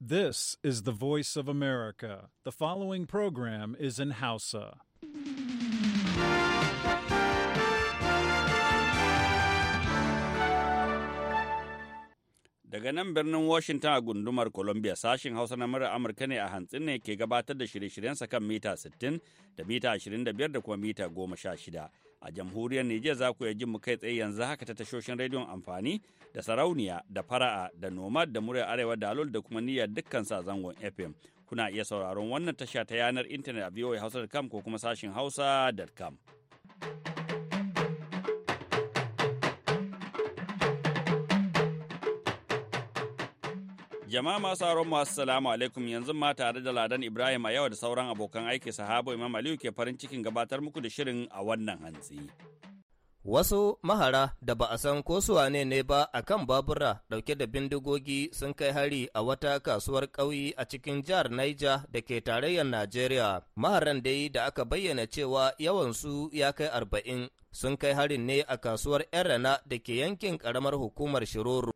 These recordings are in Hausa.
This is the voice of America. The following program is in Hausa. Daga nan birnin Washington a gundumar Columbia sashin Hausa na murar Amurka ne a hantsin ne ke gabatar da shirye-shiryensa kan mita 60 da mita 25 da kuma mita 16. a jamhuriyar Nijar za ku ji mu kai tsaye yanzu haka ta tashoshin rediyon amfani da sarauniya da fara'a da nomad da muryar arewa da alol da kuma niyyar dukkan sa zangon fm kuna iya sauraron wannan tasha ta yanar intanet a voahausa.com ko kuma sashin hausa.com. Jama'a masu sauran masu salamu alaikum yanzu ma tare da Ladan Ibrahim a yau da sauran abokan aiki sahabo Imam Aliyu ke farin cikin gabatar muku da shirin a wannan hantsi. Wasu mahara da ba a san ko ne ne ba a kan babura dauke da bindigogi sun kai hari a wata kasuwar ƙauye a cikin jihar Niger da ke tarayyar Najeriya. Maharan dai da aka bayyana cewa yawansu ya kai arba'in sun kai harin ne a kasuwar 'yan rana da ke yankin ƙaramar hukumar Shiroro.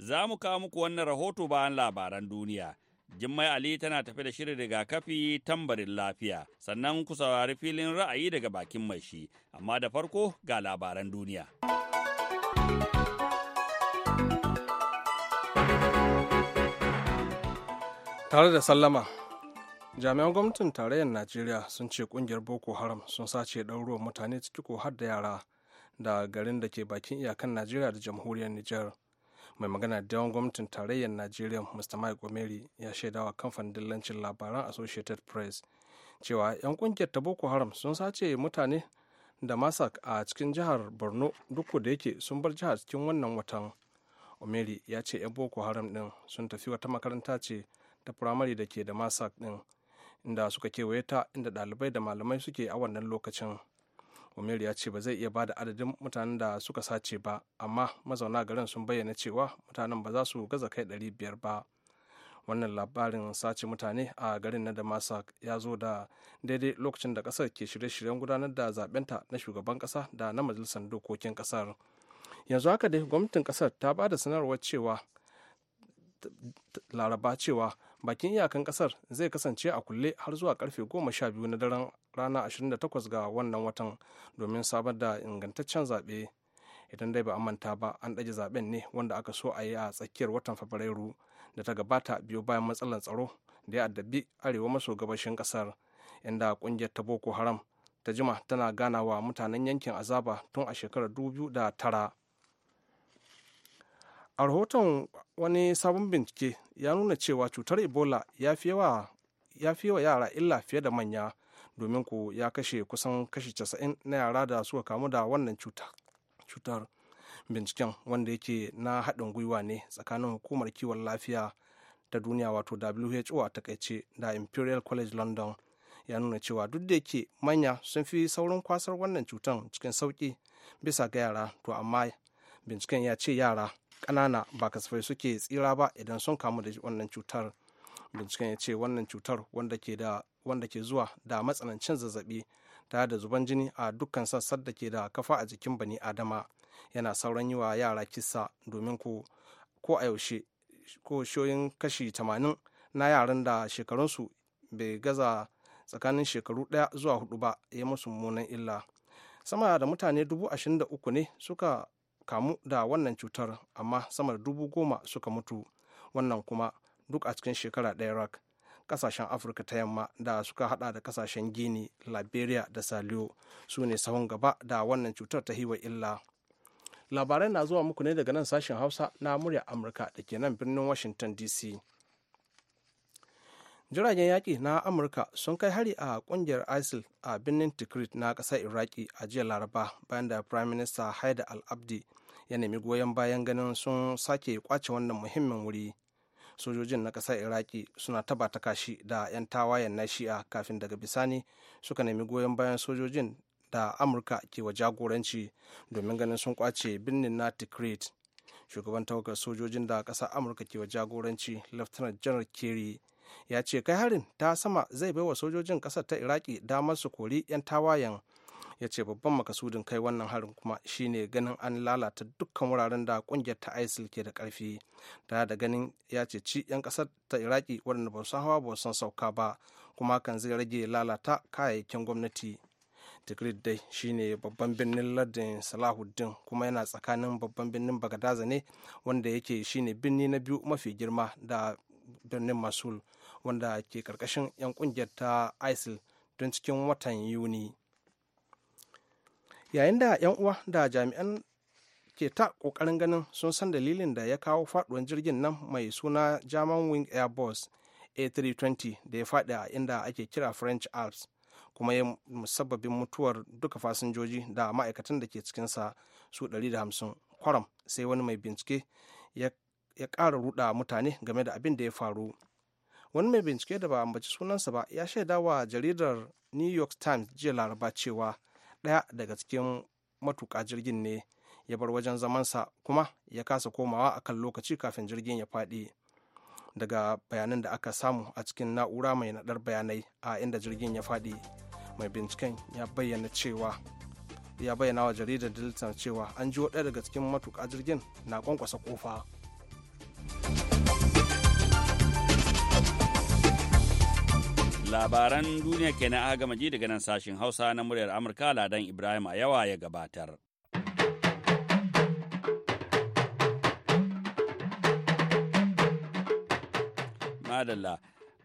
Za mu kawo muku wannan rahoto bayan labaran duniya. Jummai Ali tana tafi da shirin rigakafi tambarin lafiya, sannan ku saurari filin ra'ayi daga bakin mai shi, amma da farko ga labaran duniya. Tare da sallama, jami'an gwamnatin tarayyar Najeriya sun ce kungiyar Boko Haram sun sace ɗaruruwan mutane ciki ko har da yara da garin da ke bakin iyakan Najeriya da jamhuriyar Nijar. mai magana da yawan gwamnatin tarayyar najeriya mr mike omeri ya shaidawa kamfanin dillancin labaran associated press cewa 'yan kungiyar ta boko haram sun sace mutane da masak a cikin jihar borno duk da yake sun bar jihar cikin wannan watan omeri ya ce 'yan boko haram din sun tafi wata makaranta ce ta firamare da ke da masak din inda suka kewaye ta inda ɗalibai da malamai suke a wannan lokacin umar ya ce ba zai iya bada adadin mutanen da suka sace ba amma mazauna garin sun bayyana cewa mutanen ba za su gaza kai 500 ba wannan labarin sace mutane a garin na damasak ya zo da daidai lokacin da kasar ke shirye-shiryen gudanar da zaɓenta na shugaban kasa da na majalisar dokokin kasar yanzu haka dai gwamnatin kasar ta ba da sanarwar cewa laraba cewa bakin iyakan kasar zai kasance a kulle har zuwa karfe goma sha biyu na daren ranar 28 ga wannan watan domin samar da ingantaccen zaɓe idan dai ba a manta ba an ɗage zaɓen ne wanda aka so a yi a tsakiyar watan fabrairu da ta gabata biyo bayan matsalar tsaro da ya addabi arewa maso gabashin ƙasar inda ƙungiyar ta boko haram ta jima tana ganawa mutanen yankin azaba tun a shekarar dubu da tara. a rahoton wani sabon bincike ya nuna cewa cutar ebola ya fi wa yara illa fiye da manya domin ku ya kashe kusan kashi 90 na yara da suka kamu da wannan cutar binciken wanda yake na haɗin gwiwa ne tsakanin hukumar kiwon lafiya ta duniya wato who a takaice da imperial college london ya nuna cewa duk da yake manya sun fi saurin kwasar wannan cutar cikin sauƙi bisa ga yara to amma binciken ya ce yara ƙanana ba kasafai suke tsira ba idan sun kamu da wannan cutar binciken ya ce wannan cutar wanda ke da wanda ke zuwa da matsanancin zazzabi tare da zuban jini a dukkan sassan da ke da kafa a jikin bani adama yana sauran yi wa yara kisa domin ko a yaushe ko shoyin kashi tamanin na yaran da shekarunsu bai gaza tsakanin shekaru ɗaya zuwa hudu ba ya musu mummunan illa sama da mutane dubu ashirin da uku ne suka kamu da wannan cutar amma sama da dubu goma suka mutu wannan kuma duk a cikin shekara ɗaya rak kasashen afirka ta yamma da suka hada da kasashen gini liberia da saliyo su ne sahun gaba da wannan cutar ta hiwa illa labarai na zuwa muku ne daga nan sashen hausa na murya amurka da ke nan birnin washington dc jiragen yaƙi na amurka sun kai hari a ƙungiyar isil a birnin tikrit na ƙasar iraki a jiya laraba bayan da prime minister haida al-abdi ya nemi goyon bayan ganin sun sake kwace wannan muhimmin wuri sojojin na ƙasar iraki suna taba ta kashi da 'yan tawayen na shi'a kafin daga bisani suka nemi goyon bayan sojojin da amurka ke wa jagoranci domin ganin sun kwace birnin na tikrit shugaban tawagar sojojin da ƙasar amurka ke wa jagoranci lieutenant general kerry ya ce kai harin ta sama zai baiwa sojojin ƙasar ta iraki damar su kori 'yan tawayen ya ce babban makasudin kai wannan harin kuma shine ganin an lalata dukkan wuraren da kungiyar ta isil ke da karfi da da ganin ya ce ci 'yan kasar ta iraki wadanda ba su hawa ba san sauka ba kuma kan zai rage lalata kayayyakin gwamnati tigrid dai shine babban birnin lardin Salahuddin kuma yana tsakanin babban birnin Bagadaza ne wanda yake shine birni na biyu mafi girma da birnin Masul wanda ke karkashin 'yan kungiyar ta ISIL don cikin watan Yuni. yayin da 'yan uwa da jami'an ke ta kokarin ganin sun san dalilin da ya kawo faduwar jirgin nan mai suna german wing airbus a320 da ya faɗi a inda ake kira french alps kuma ya musabbabin mutuwar duka fasinjoji da ma'aikatan da ke cikinsa su 150 kwaram sai wani mai bincike ya kara ruɗa mutane game da abin da ya faru wani mai bincike da ba ambaci sunansa ba ya shaidawa jaridar new york times jiya laraba cewa ɗaya daga cikin matuƙa jirgin ne ya bar wajen zamansa kuma ya kasa komawa akan lokaci kafin jirgin ya faɗi daga bayanan da aka samu a cikin na'ura mai naɗar bayanai a inda jirgin ya faɗi mai binciken ya bayyana cewa ya bayyana wa jaridar dilitan cewa an ji ɗaya daga cikin matuƙa jirgin na kwankwasa ƙofa. Labaran duniya kenan na gama ji daga nan sashin Hausa na muryar Amurka Ladan Ibrahim a yawa ya gabatar. Madalla.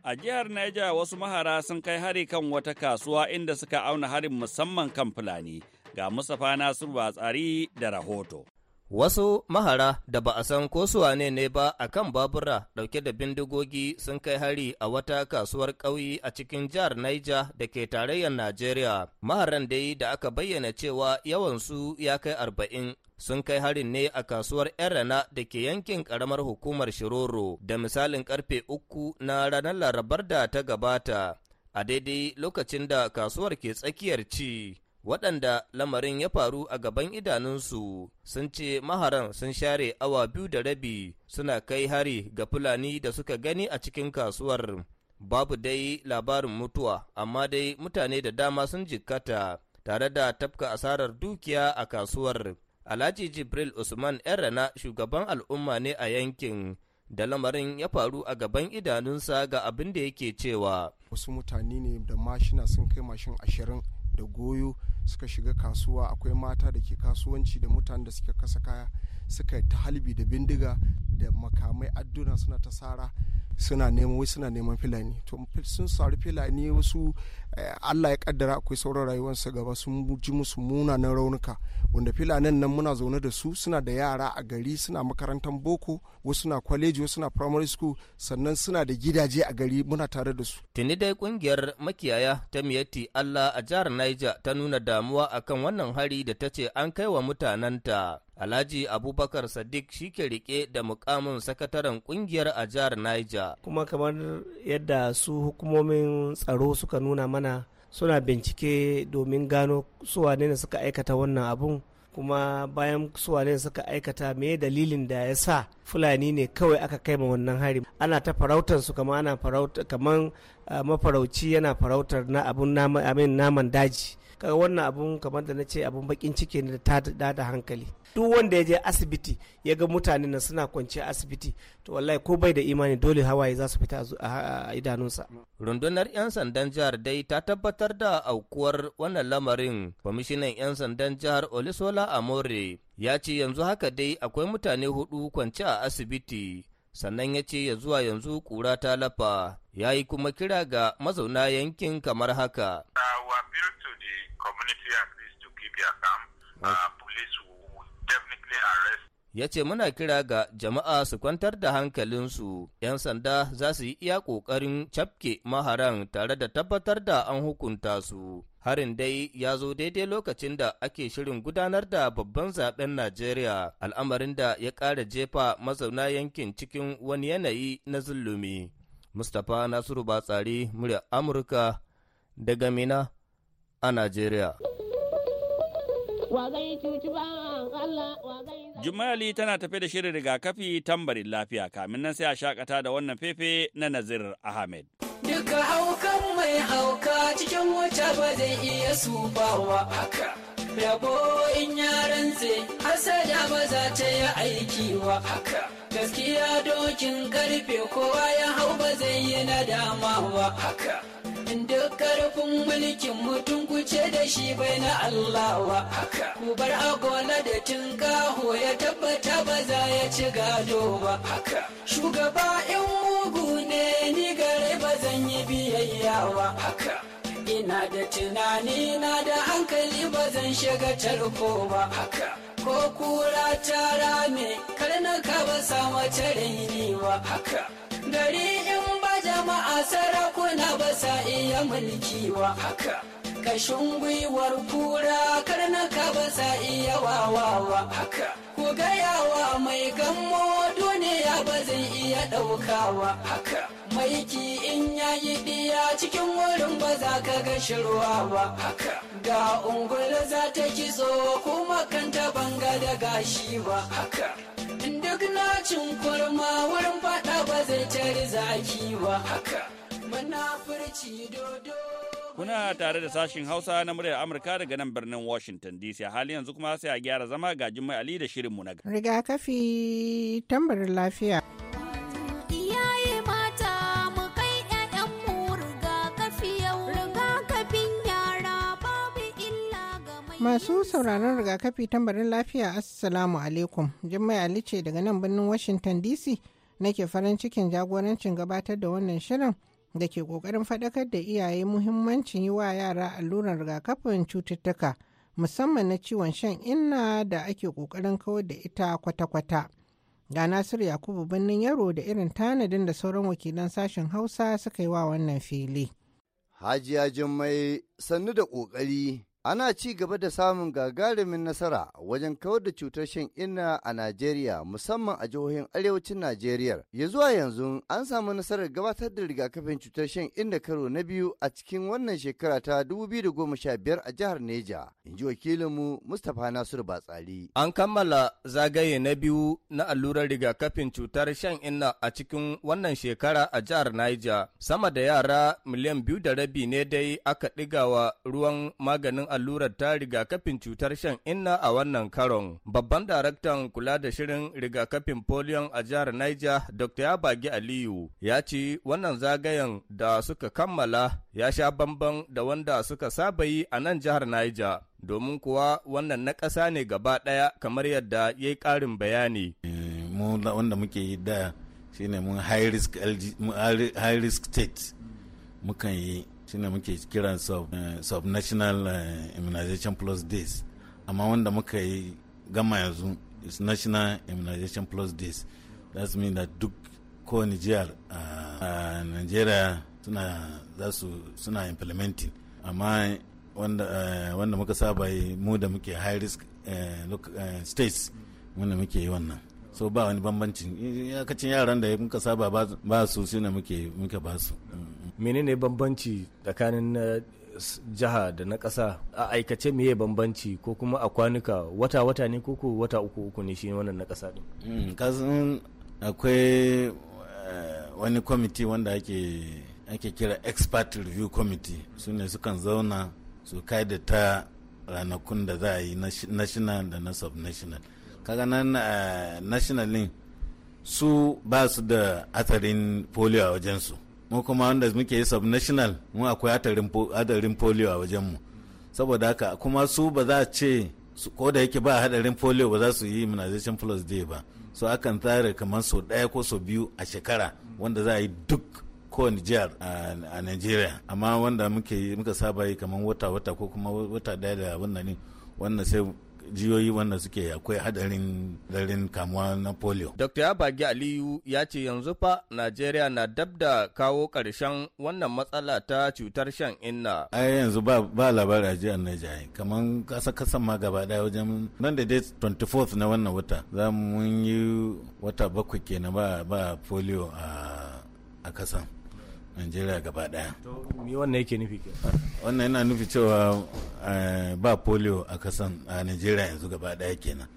A jihar Niger wasu mahara sun kai hari kan wata kasuwa inda suka auna harin musamman kan Fulani. Ga Mustapha Nasiru Batsari da rahoto. Wasu mahara da ba a san ko ne ne ba a kan babura ɗauke da bindigogi sun kai hari a wata kasuwar ƙauye a cikin jihar Niger da ke tarayyar Najeriya. Maharan dai da aka bayyana cewa yawansu ya kai arba'in sun kai harin ne a kasuwar Erana da ke yankin ƙaramar hukumar Shiroro da misalin karfe uku na ranar Larabar da ta gabata. A daidai lokacin da kasuwar ke tsakiyar ci. waɗanda lamarin ya faru a gaban idanunsu sun ce maharan sun share awa biyu da rabi suna kai hari ga fulani da suka gani a cikin kasuwar babu dai labarin mutuwa amma dai mutane da dama sun jikkata tare da tafka asarar dukiya a kasuwar alhaji jibril usman rana shugaban al'umma ne a yankin da lamarin ya faru a gaban idanunsa ga abin da yake cewa wasu mutane ne da mashina sun kai mashin ashirin da goyo suka shiga kasuwa akwai mata da ke kasuwanci da mutanen da suke kasa kaya suka ta halbi da bindiga da makamai adduna suna ta sara suna neman wai suna neman filani to sun sari filani wasu eh, allah ya kaddara akwai sauran rayuwarsa gaba sun ji musu munanan raunuka wanda filanin nan muna zaune da su suna da yara a gari suna makarantar boko wasu suna kwaleji wasu suna primary school sannan suna da gidaje a gari muna tare da su tuni dai kungiyar makiyaya ta miyatti allah a jihar niger ta nuna damuwa akan wannan hari da ta ce an kai wa mutanenta Alhaji Abubakar Sadiq shi ke rike da mukamin sakataren kungiyar a jihar Niger. Kuma kamar yadda su hukumomin tsaro suka nuna mana suna bincike domin gano suwane ne suka aikata wannan abun kuma bayan suwane suka aikata me dalilin da ya sa fulani ne kawai aka kai ma wannan hari ana ta farautar su kamar ana ah, mafarauci yana farautar na abun naman daji kaga wannan abun kamar da na ce abun bakin ciki ne da ta da hankali duk wanda ya je asibiti ya ga mutane nan suna kwance asibiti to wallahi ko bai da imani dole hawaye za su fita a idanunsa rundunar yan sandan jihar dai ta tabbatar da aukuwar wannan lamarin kwamishinan yan sandan jihar olisola amore ya ce yanzu haka dai akwai mutane hudu kwance a asibiti sannan ya ce ya zuwa yanzu ƙura ta lafa ya yi kuma kira ga mazauna yankin kamar haka. Uh, community Uh, police will definitely arrest ya ce muna kira ga jama'a su kwantar da hankalinsu 'yan sanda za su yi iya ƙoƙarin cafke maharan tare da tabbatar da an hukunta su harin dai ya zo daidai lokacin da ake shirin gudanar da babban zaben najeriya al'amarin da ya ƙara jefa mazauna yankin cikin wani yanayi na zulumi mustapha nasiru batsari murya amurka daga mina a najeriya Jumali tana tafe da shirin rigakafi tambarin lafiya kamin nan sai a shakata da wannan fefe na Nazir Ahmed. Duka haukan mai hauka cikin wata ba zai iya sufawa haka. Rabo in yaran ce, hasada ba za ta yi aiki wa haka. Gaskiya dokin karfe kowa ya hau ba zai yi nadama wa haka. inda duk karfin mulkin mutum ku ce da shi bai na Allah wa ku bar agona da gaho ya tabbata ba za ya ci gado ba shugaba in mugu ne ni gare ba zan yi biyayya ba ina da tunani na da hankali ba zan shiga tarko ba ko kura ta rame karnaka ba sa mace raini ba gari sarakuna ba sa iya mulki wa haka kashin gwiwar kura karnaka ba sa iya wawawa haka ku gayawa mai gammo duniya ba zai iya ɗaukawa haka maiki in yayi diya cikin wurin ba za ka ga shirwa ba haka ga ungulu za ta kitso kuma kanta banga da gashi ba haka duk na cin kwarma wurin fada ba zai cari zaki ba haka munafurci dodo Kuna tare da sashin Hausa na muryar Amurka daga nan birnin Washington DC hali yanzu kuma sai a gyara zama ga Jummai Ali da shirinmu na Rigakafi tambarin lafiya. Masu sauraron rigakafi tambarin lafiya Assalamu alaikum. Jummai Ali ce daga nan birnin Washington DC nake farin cikin jagorancin gabatar da wannan shirin da ke kokarin faɗakar da iyaye muhimmancin yi wa yara alluran rigakafin cututtuka musamman na ciwon shan inna da ake kokarin kawar da ita kwata-kwata. Ga Nasir Yakubu birnin Yaro da irin tanadin da sauran wakilan sashen Hausa suka yi wa wannan fili. Hajiya Jummai sannu da ƙoƙari Ana ci gaba da samun gagarumin nasara wajen kawar da cutar shan inna a Najeriya musamman a jihohin arewacin Najeriya. Ya zuwa yanzu an samu nasarar gabatar da rigakafin cutar shan inna karo na biyu a cikin wannan shekara ta 2015 a jihar Neja, in ji wakilinmu Mustapha Nasir Batsali. An kammala zagaye na biyu na allurar rigakafin cutar shan inna a cikin wannan shekara a jihar Niger. Sama da yara miliyan biyu da rabi ne dai aka ɗigawa ruwan maganin allurar ta rigakafin cutar shan inna a wannan karon. Babban daraktan kula da shirin rigakafin polio a jihar Niger, Dr. Yabagi Aliyu, ya ce wannan zagayen da suka kammala ya sha bamban da wanda suka saba yi a nan jihar Niger. Domin kuwa wannan na ƙasa ne gaba ɗaya kamar yadda ya yi ƙarin bayani. Eh, mu wanda muke yi da shine mun high risk state mukan yi shine muke kiran eh, subnational eh, immunization plus days amma wanda muka yi gama yanzu is national immunization plus days that mean that duk ko nijiyar a eh, nigeria suna za su suna implementing amma wanda muka saba yi mu da muke high risk states wanda muke yi wannan so ba wani bambancin yakacin yaran da muka saba ba su shine muke ba su mm. menene bambanci tsakanin na jiha da na ƙasa a aikace meye bambanci ko kuma a kwanuka wata-wata ne koko wata uku uku ne shi wannan na ƙasa din hmm, kasan akwai eh, wani kwamiti wanda ake kira expert review committee su ne sukan zauna su kai da ta ranakun da za a yi national da na subnational kaga nan eh, national su ba su da atharin polio a wajensu mu kuma wanda muke yi sub-national mu akwai hadarin polio a wajenmu saboda haka kuma su ba za a ce ko da yake ba hadarin polio ba za su yi immunization plus day ba so akan tsara kamar sau ɗaya ko sau biyu a shekara wanda za a yi duk kowane jihar a nigeria amma wanda muka saba yi kamar wata-wata ko kuma wata daya da wannan ne wannan sai jiyoyi wanda suke akwai hadarin darin kamuwa na polio. Dr. Abagi Aliyu ya ce yanzu fa Najeriya na dab da kawo ƙarshen wannan matsala ta cutar shan inna. Ai yanzu ba ba labar a jihar kamar kasa kasan ma gaba daya wajen nan da 24 na wannan wata za mu yi wata bakwai kenan ba ba polio a kasan. nigeria gaba daya me wannan yake nufi ke wannan yana nufi cewa eh, ba polio a kasan a nigeria yanzu gaba daya kenan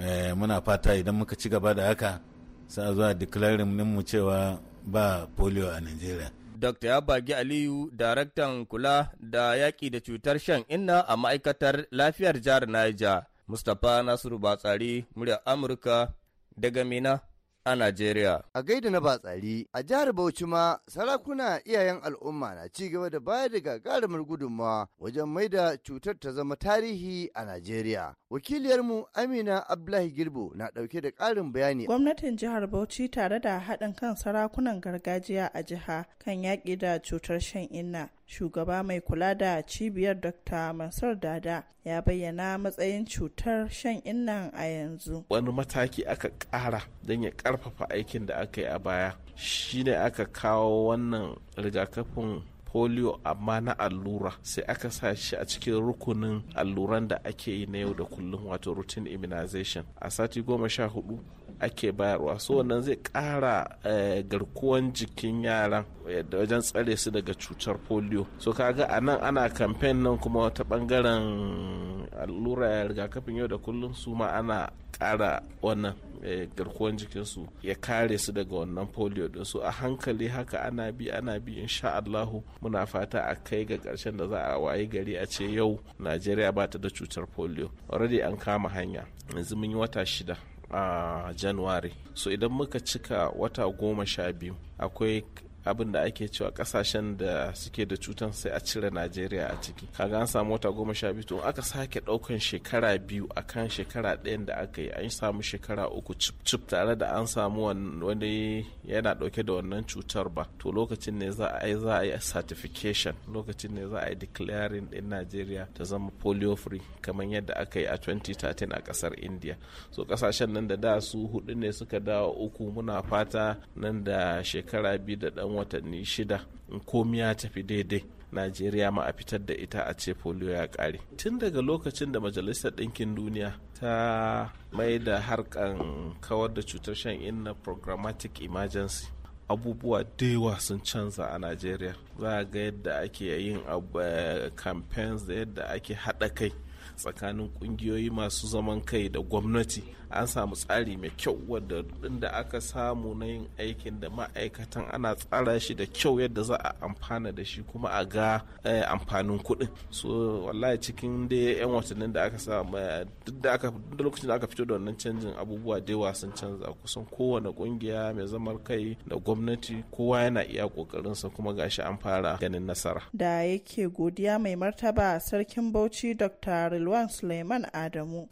eh, muna fata idan muka ci gaba da haka sa zuwa declaring mu cewa ba polio a najeriya ya Yabagi Aliyu, daraktan kula da yaƙi da cutar shan inna a ma'aikatar lafiyar jihar Niger, Mustapha Nasiru Batsari, muryar Amurka daga Mina a Najeriya. A gaida na batsari, a jihar Bauchi ma sarakuna iyayen al'umma na ci gaba da baya da gagarumar gudunmawa wajen mai da cutar ta zama tarihi a Najeriya. Wakiliyarmu Amina Abdullahi Girbo na ɗauke da ƙarin bayani. Gwamnatin jihar Bauchi tare da haɗin kan sarakunan gargajiya a jiha kan yaƙi da cutar shan inna shugaba mai kula da cibiyar dr mansur dada ya bayyana matsayin cutar shan innan a yanzu wani mataki aka kara don ya karfafa aikin da aka yi a baya shine aka kawo wannan rigakafin polio amma na allura sai aka sa shi a cikin rukunin alluran da ake yi na yau da kullum wato routine immunization a sati goma sha hudu ake bayarwa so wannan zai ƙara eh, garkuwan jikin yaran wajen tsare su daga cutar polio so kaga a nan ana kamfen nan kuma wata bangaren allura rigakafin yau da kullum su ma ana ƙara wannan eh, garkuwan jikinsu ya kare su daga wannan polio da su a hankali haka ana bi ana bi insha Allahu muna fata a kai ga ƙarshen da za a wayi gari a ce yau Najeriya ba ta da cutar polio already an kama hanya yanzu mun yi wata shida a januwari so idan muka cika wata goma sha biyu akwai abin da ake cewa kasashen da suke da cutan sai a cire najeriya a ciki kaga an samu wata goma sha biyu tun aka sake daukan shekara biyu akan shekara ɗayan da aka yi an samu shekara uku cip tare da an samu wani yana dauke da wannan cutar ba to lokacin ne za a yi za a yi certification lokacin ne za a yi declaring ɗin najeriya ta zama polio free kamar yadda aka yi a 2013 a kasar india so kasashen nan da da su hudu ne suka dawo uku muna fata nan da shekara biyu da 'yan watanni shida in komi ya tafi daidai najeriya ma a fitar da ita a ce polio ya kare tun daga lokacin da majalisar ɗinkin duniya ta mai da harkan kawar da cutar shan inna programmatic emergency abubuwa da yawa sun canza a najeriya za a ga yadda ake yin eh, campaigns da yadda ake haɗa kai tsakanin ƙungiyoyi masu zaman kai da gwamnati an samu tsari mai kyau wadda da aka samu na yin aikin da ma'aikatan ana tsara shi da kyau yadda za a amfana da shi kuma a ga eh, amfanin kuɗin so wallahi cikin da yan watannin da aka samu eh, duk da aka duk lokacin da aka fito da wannan canjin abubuwa da yawa sun canza kusan kowane kungiya mai zamar kai da gwamnati kowa yana iya kokarin sa kuma gashi an fara ganin nasara da yake godiya mai martaba sarkin bauchi dr rilwan suleiman adamu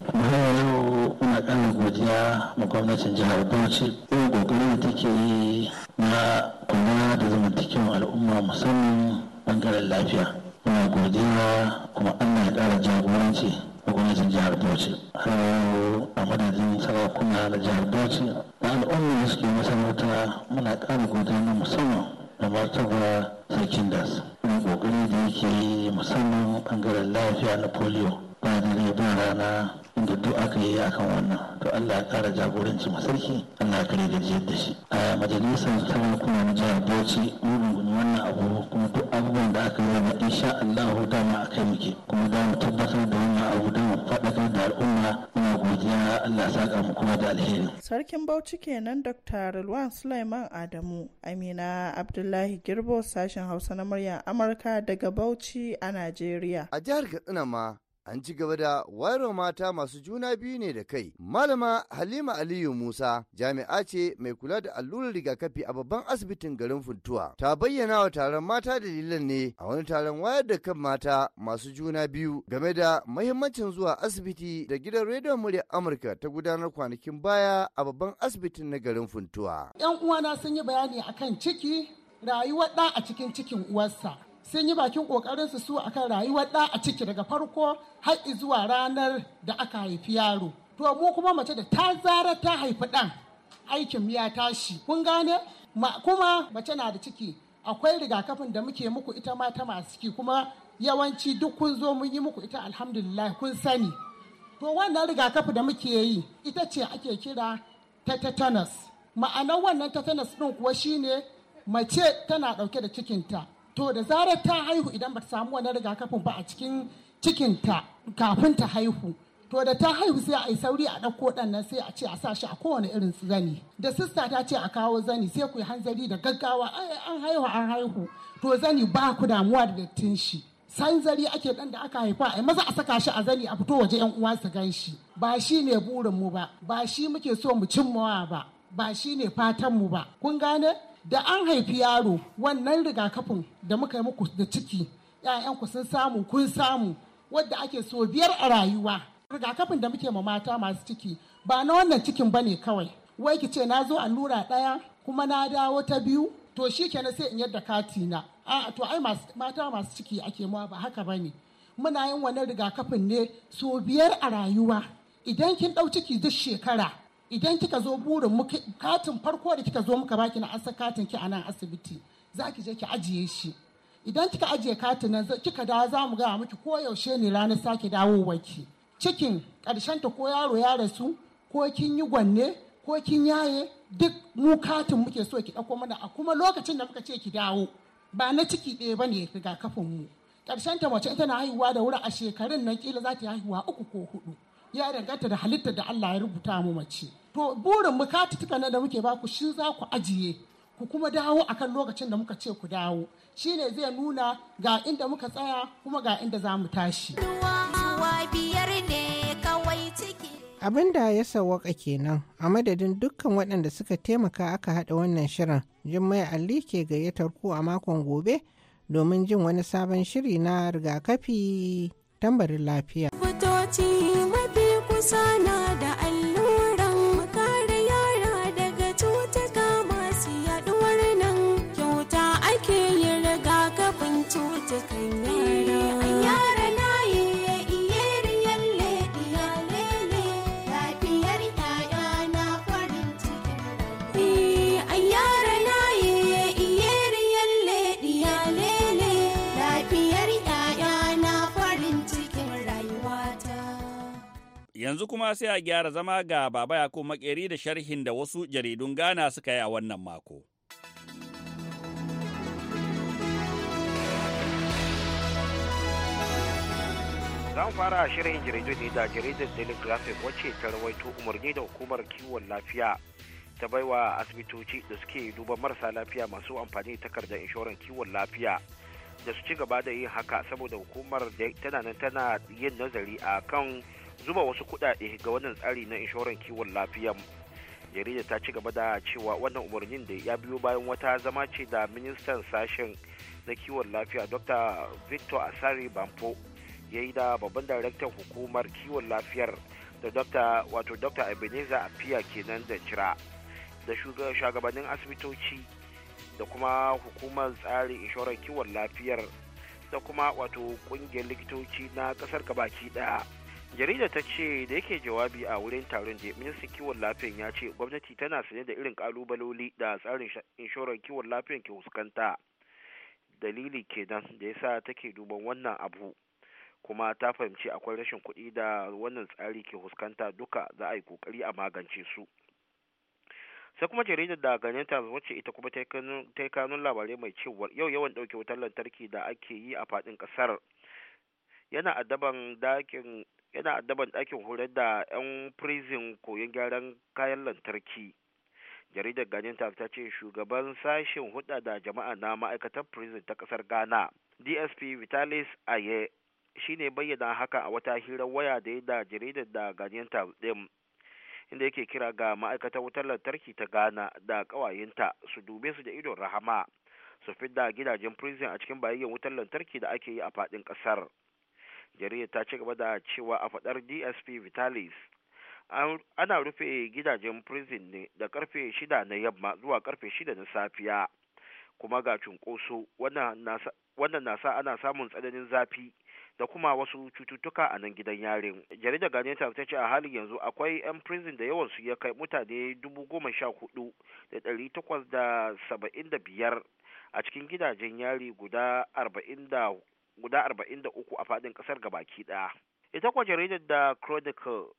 muna godiya ma gwamnatin jihar Bauchi irin kokarin da take yi na kuma da zamantakewan al'umma musamman bangaren lafiya. Muna godiya kuma an na ƙara jagoranci ma gwamnatin jihar Bauchi. Har a madadin sarakuna na jihar Bauchi da al'umma da suke masarauta muna ƙara godiya na musamman da martaba sarkin das. Irin kokari da yake yi musamman bangaren lafiya na polio. Ba dare ba rana inda duk aka yi akan wannan to Allah ya kara jagoranci masarki Allah ya kare gajiyar da shi a majalisar sarakuna na jihar Bauchi mun wannan abu kuma duk abubuwan da aka yi insha Allah dama akai muke kuma za mu tabbatar da wannan abu da mu faɗakar da al'umma muna godiya Allah ya saka mu kuma da alheri sarkin Bauchi kenan Dr. Rilwan Sulaiman Adamu Amina Abdullahi Girbo sashen Hausa na murya Amurka daga Bauchi a Najeriya a jihar Katsina ma an ci gaba da wayarwa mata masu juna biyu ne da kai. Malama Halima Aliyu Musa jami'a ce mai kula da allurar rigakafi a babban asibitin garin Funtuwa. Ta bayyana wa taron mata dalilan ne a wani taron wayar da kan mata masu juna biyu game da mahimmancin zuwa asibiti da gidan rediyon Murya Amurka ta gudanar kwanakin baya a babban asibitin na garin Funtuwa. 'Yan uwana sun yi bayani akan ciki rayuwar ɗa a cikin cikin uwarsa. sun yi bakin ƙoƙarinsu su akan rayuwar ɗa a ciki daga farko har zuwa ranar da aka haifi yaro. To mu kuma mace da ta zara ta haifi ɗan aikin ya tashi. Kun gane? kuma mace na da ciki akwai rigakafin da muke muku ita ma ta masu ciki kuma yawanci duk kun zo mun yi muku ita alhamdulillah kun sani. To wannan rigakafi da muke yi ita ce ake kira ta tetanus. Ma'anar wannan tetanus ɗin kuwa shine mace tana ɗauke da cikinta. to da zarar ta haihu idan ba ta samu wannan rigakafin ba a cikin cikinta kafin ta haihu to da ta haihu sai a yi sauri a ɗauko ɗan nan sai a ce a sa shi a kowane irin zani da sista ta ce a kawo zani sai ku yi hanzari da gaggawa an haihu an haihu to zani ba ku damuwa da dattin shi san zari ake ɗan da aka haifa a maza a saka shi a zani a fito waje yan uwa su gan shi ba shi ne burin mu ba ba shi muke so mu cimmawa ba ba shi ne fatan mu ba kun gane da an haifi yaro wannan rigakafin da muka yi muku da ciki ku sun samu kun samu wadda ake so biyar a rayuwa rigakafin da muke ma mata masu ciki ba na wannan cikin bane kawai wai ki ce na zo allura ɗaya kuma na dawo ta biyu to shi kenan sai in yadda kati na a to ai mata masu ciki ake ma ba haka bane muna yin wannan rigakafin ne so biyar a rayuwa idan kin ɗau ciki duk shekara idan kika zo burin mu katin farko da kika zo muka baki na asa katin ki a nan asibiti za ki je ki ajiye shi idan kika ajiye katin nan kika dawo za mu gaya miki ko yaushe ne ranar sake dawo ki cikin ƙarshen ta ko yaro ya rasu ko kin yi gwanne ko kin yaye duk mu katin muke so ki ɗauko mana a kuma lokacin da muka ce ki dawo ba na ciki ɗaya ba ne kafin mu ƙarshen ta mace tana haihuwa da wuri a shekarun nan kila za ta haihuwa uku ko huɗu. ya danganta da halittar da Allah ya rubuta mu mace to burin mu katutuka na da muke baku shi za ku ajiye ku kuma dawo akan lokacin da muka ce ku dawo shine zai nuna ga inda muka tsaya kuma ga inda za mu tashi abin da ya sawaka kenan a madadin dukkan waɗanda suka taimaka aka haɗa wannan shirin jimmai ali ke gayyatar ku a makon gobe domin jin wani sabon shiri na rigakafi tambarin lafiya. Fitoci Afsana kuma sai a gyara zama ga Baba Yakubu Makeri da sharhin da wasu jaridun gana suka yi a wannan mako. zan fara shirin jaridu ne da jaridar daily graphic wacce ta rawaito umarni da hukumar kiwon lafiya ta baiwa asibitoci da suke duba marasa lafiya masu amfani da takardar inshoran kiwon lafiya da su ci gaba da yin haka saboda hukumar tana nan tana yin nazari a kan zuba wasu kuɗaɗe ga wannan tsari na inshoran kiwon lafiya jarida ta ci gaba da cewa wannan umarnin da ya biyo bayan wata zama ce da ministan sashen na kiwon lafiya dr victor asari bampo ya yi da babban daraktan hukumar kiwon lafiyar da dr wato dr ebenezer afiya kenan da cira da shugabannin asibitoci da kuma hukumar tsarin inshorar kiwon lafiyar da kuma wato kungiyar likitoci na kasar gabaki daya jarida ta ce da yake jawabi a wurin taron da ministan kiwon lafiyan ya ce gwamnati tana sanye da irin kalubaloli da tsarin inshorar kiwon lafiyan ke fuskanta dalili kenan da yasa take duban wannan abu kuma ta fahimci akwai rashin kuɗi da wannan tsari ke huskanta duka za a yi kokari a magance su sai kuma jaridar da ganin ta wacce ita kuma ta yi kanun labarai mai cewar yau yawan ɗauke wutar lantarki da ake yi a faɗin ƙasar yana a daban dakin yana addaban ɗakin horar da 'yan prison koyon gyaran kayan lantarki jaridar ganin ta ce shugaban sashen hudu da jama'a na ma'aikatar prison ta kasar Ghana DSP Vitalis Aye shi ne bayyana haka a wata hirar waya da ya da jaridar da ganin ta ɗin inda yake kira ga ma'aikatar wutar lantarki ta Ghana da ƙawayenta su dube su da idon rahama su fidda gidajen prison a cikin bayyan wutar lantarki da ake yi a faɗin ƙasar. jaridar ta ci gaba da cewa a fadar dsp vitalis ana rufe gidajen prison ne da karfe shida na yamma zuwa karfe shida na safiya kuma ga cunkoso wannan nasa ana samun tsananin zafi da kuma wasu cututtuka a nan gidan yarin jaridar gane ta ce a halin yanzu akwai 'yan prison da yawan su ya kai mutane dubu goma sha hudu da ɗari takwas da saba'in da biyar a cikin gidajen yari guda arba'in da guda arba'in da uku a faɗin ƙasar gabaki ɗaya ita kwa jaridar da chronicle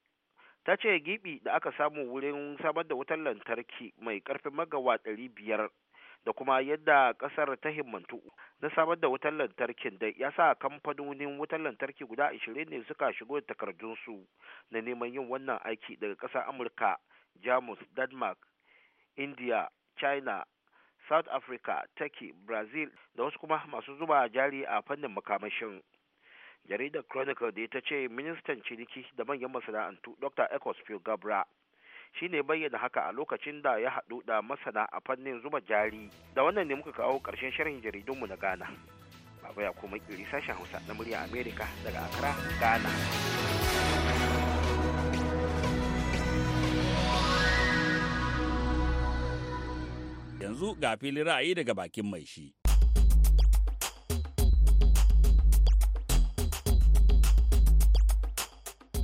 ta ce gibi da aka samu wurin samar da wutar lantarki mai karfin magawa ɗari biyar da kuma yadda ƙasar ta himmantu na samar da wutar lantarkin da ya sa kamfanonin wutar lantarki guda ashirin ne suka shigo da takardunsu na neman yin wannan aiki daga ƙasar amurka jamus denmark india china south africa turkey brazil da wasu kuma masu zuba jari a fannin makamashin jaridar chronicle da ita ce ministan ciniki da manyan masana'antu dr Phil gabra shi ne bayyana haka a lokacin da ya haɗu da masana a fannin zuba jari da wannan ne muka kawo ƙarshen shirin jaridunmu na ghana baba ya kuma ƙiri sashen hausa na murya america daga accra ghana Yanzu ga filin ra'ayi daga bakin mai shi.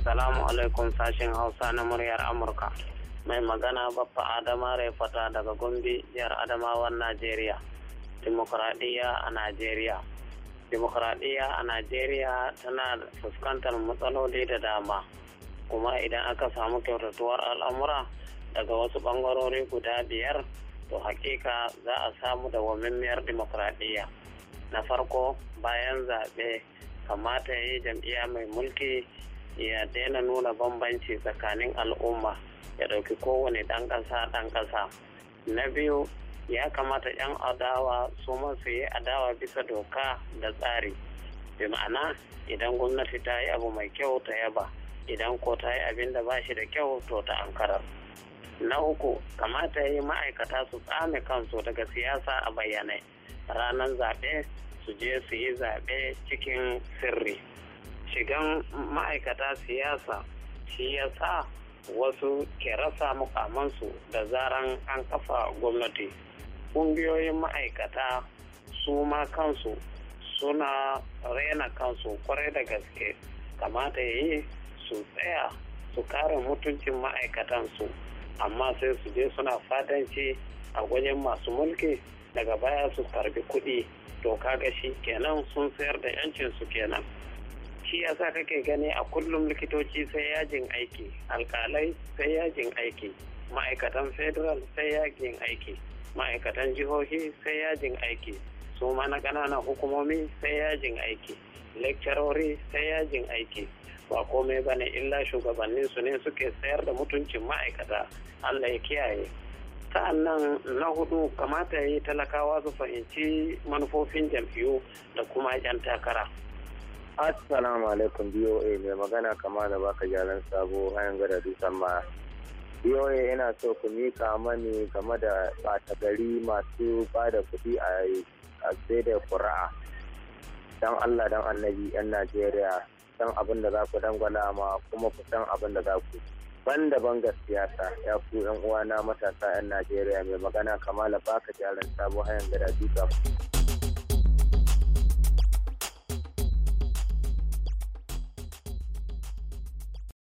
Salamu alaikum sashen Hausa na muryar Amurka. Mai magana Baffa Adama raifata daga Gombe, jihar Adamawan Najeriya. Dimokuraɗiyya a Najeriya. Dimokuraɗiyya a Najeriya tana fuskantar matsaloli da dama. Kuma idan aka samu kyautatuwar al'amura daga wasu ɓangarori guda biyar to hakika za a samu da wamimmiyar dimokuraɗiyya na farko bayan zaɓe kamata ya yi jam'iyya mai mulki ya daina nuna bambanci tsakanin al'umma ya ɗauki kowane ɗan ƙasa ɗan ƙasa na biyu ya kamata 'yan adawa su masu yi adawa bisa doka da tsari bi ma'ana idan gwamnati ta yi abu mai kyau ta yaba idan ko ta yi abin da ba shi da kyau to ta ankarar na uku kamata ya yi ma'aikata su tsame kansu daga siyasa a bayyane ranar zaɓe su je su yi zaɓe cikin sirri shigan ma'aikata siyasa shi ya sa wasu ke rasa mukamansu da zaran an kafa gwamnati ƙungiyoyin ma'aikata su ma kansu suna rena kansu kwarai da gaske kamata ya yi su tsaya su kare mutuncin ma'aikatansu amma sai su je suna fatan ce a gwajin masu mulki daga baya su karbi kuɗi to kaga shi kenan sun sayar da yancin su kenan shi yasa kake gani a kullum likitoci sai yajin aiki alkalai sai yajin aiki ma'aikatan federal sai yajin aiki ma'aikatan jihohi sai yajin aiki su ma na ƙananan hukumomi sai yajin aiki lecturori sai yajin aiki ba komai ba ne illa shugabannin su ne suke sayar da mutuncin ma'aikata allah ya kiyaye sa'annan na hudu kamata ya yi talakawa su fahimci manufofin jam'iyyu da kuma 'yan takara assalamu alaikum boa mai magana kama da baka gyaran sabo hayan gada dusan ma boa yana so ku mika mani game da bata gari masu ba da kuɗi a sai da kura don allah don annabi 'yan najeriya san abin da za ku dangwala ma kuma ku san abin da za ku ban daban ga siyasa ya ku yan uwana matasa yan najeriya mai magana kamala baka jaran sabo hayan gada duka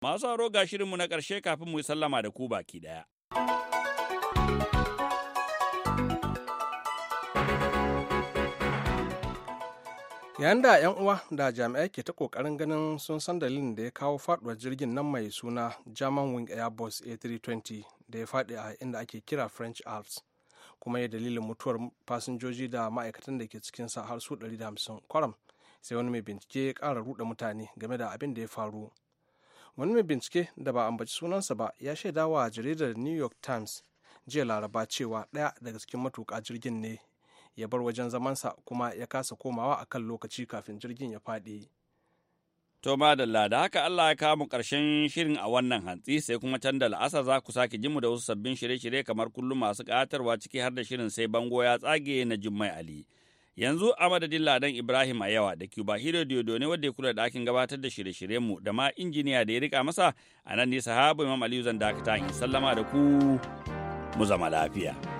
Masu aro ga shirinmu na ƙarshe kafin mu yi sallama da ku baki ɗaya. yayin da 'yan uwa da jami'ai ke ta kokarin ganin sun san dalilin da ya kawo faduwar jirgin nan mai suna german wing airbus a320 da ya faɗi a inda ake kira french alps kuma ya dalilin mutuwar fasinjoji da ma'aikatan da ke cikin sa har su 150 kwaram sai wani mai bincike ya kara rude mutane game da abin da ya faru wani mai bincike da ba ambaci sunansa ba ya shaidawa jaridar new york times jiya laraba cewa ɗaya daga cikin matuka jirgin ne ya bar wajen zamansa kuma ya kasa komawa a kan lokaci kafin jirgin ya faɗi. To madalla da haka Allah ya kawo mu ƙarshen shirin a wannan hantsi sai kuma can da la'asa za ku sake jimu da wasu sabbin shirye-shirye kamar kullum masu ƙatarwa ciki har da shirin sai bango ya tsage na Jummai Ali. Yanzu a madadin Ladan Ibrahim a yawa da Cuba Hiro Diodo ne wadda ya kula da ɗakin gabatar da shirye-shiryen mu da ma injiniya da ya rika masa a nan ne sahabu Imam Aliyu zan dakata in sallama da ku mu zama lafiya.